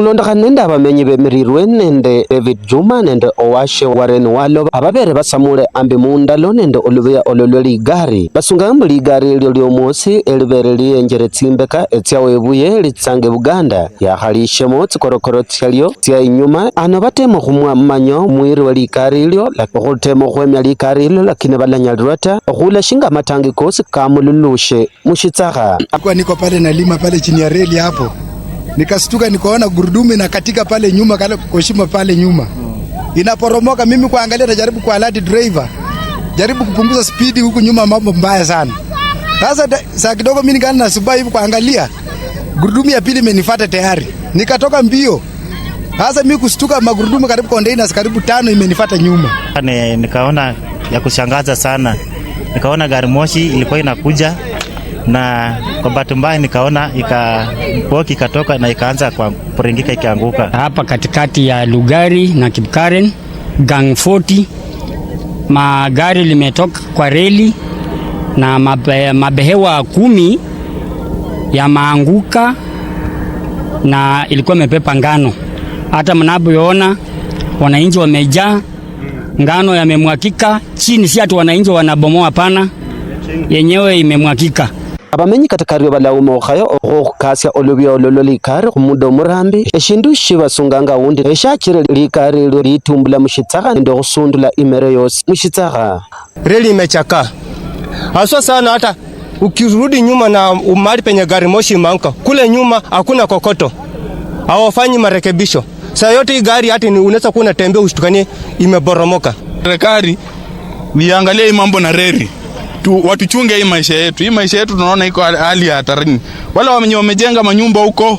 ulondokhana nende abamenyi bemirirwe nende david juma nende owashe wareni waloba ababere basamule ambi mundalo nende olubuya olwo lwe ligari basunga ambu ligari elyo lyomusi elibere liyenjere tsimbeka etsya webuye litsanga buganda yakhalishemo tsikorokoro tsyalyo tsya inyuma ano batema khumwa mmanyo mwiri wa ligari ilyo okhutema khwemya ligari ilyo lakini balanyalirwa ta okhula shinga matangi kosi kamululushe mushitsakha niko pale nalima pale chini ya reli hapo Nikastuka nikaona gurudumu inakatika pale nyuma, kale kushima pale nyuma inaporomoka. Mimi kuangalia, najaribu kwa alert driver, jaribu kupunguza spidi huku nyuma, mambo mbaya sana. Sasa saa kidogo mimi nikaanza na subai hivi kuangalia, gurudumu ya pili imenifuata tayari, nikatoka mbio. Sasa mimi kustuka, magurudumu karibu containers karibu tano imenifuata nyuma. Nikaona ya kushangaza sana, nikaona gari moshi ilikuwa inakuja na kwa bahati mbaya nikaona boki ikatoka na ikaanza kuringika ikianguka hapa katikati ya Lugari na Kipkaren gang 40 magari limetoka kwa reli na mabe, mabehewa kumi ya maanguka na ilikuwa imepepa ngano. Hata mnapoona wananchi wamejaa, ngano yamemwakika chini, si ati wananchi wanabomoa, hapana, yenyewe imemwakika abamanyi katakariwe balaumokhayo okho okhukasia olubi ololo likari khumuda omurambi eshindu shibasunganga awundi eshakire likari ilyo litumbula mushitsakha nende okhusundula imere yosi mushitsakha reli imechaka aswa sana hata ukirudi nyuma na umali penye gari moshi manka kule nyuma hakuna kokoto awafanyi marekebisho saa yote hii gari ni unaweza kuwa unatembea ushtukanie imeboromoka serikali niangalia hii mambo na reli tu, watuchunge hii maisha yetu. Hii maisha yetu tunaona iko hali ya hatarini. Wale wenye wamejenga manyumba huko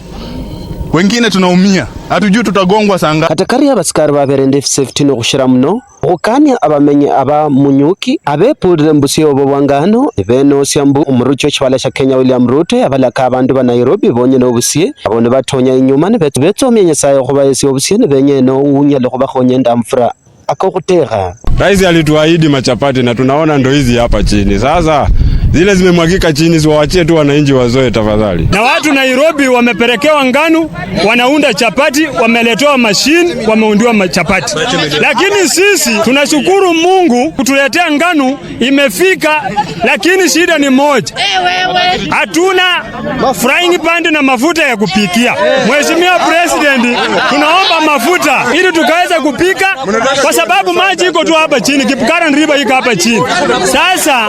wengine tunaumia hatujui tutagongwa sanga katakari abasikari baberende safety no gushira muno gukania abamenye aba munyuki abepurire mbusi obo bwangano ibenosia mbu omuruchi w'ekibala sha Kenya William Ruto abalaka abandu ba Nairobi bonyene obusie abo nibatonya inyuma nibetsomia nyasaye okhubayesia obusie nibenya eno unyala khubakhonya endamfura akokutera. Rais alituahidi machapati na tunaona ndo hizi hapa chini sasa zile zimemwagika chini, ziwaachie tu wananchi wazoe tafadhali. Na watu Nairobi wamepelekewa ngano, wanaunda chapati, wameletewa mashini, wameundiwa chapati, lakini sisi tunashukuru Mungu kutuletea ngano imefika, lakini shida ni moja, hatuna frying pan na mafuta ya kupikia. Mheshimiwa President, tunaomba mafuta ili tukaweza kupika, kwa sababu maji iko tu hapa chini, Kipkaren River iko hapa chini. Sasa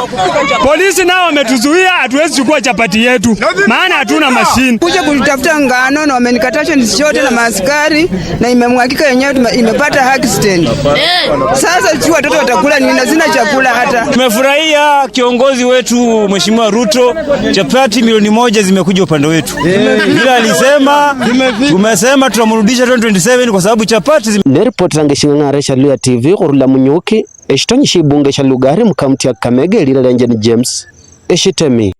polisi nao wametuzuia, hatuwezi chukua chapati yetu, maana hatuna mashine. Kuja kutafuta ngano na wamenikatasha nisichote na maaskari, na imemhakika yenyewe imepata haki stendi. Sasa sijui watoto watakula nini, hazina chakula hata. Tumefurahia kiongozi wetu Mheshimiwa Ruto, chapati milioni moja zimekuja upande wetu, ila alisema, tumesema tutamrudisha 2027 kwa sababu chapati zime... niripoti zangishing'ang'are shaluya TV khurula Munyuki exitonyi shibunge sha lugari mukaunti ya Kamega elila lya Njeni James Ishitemi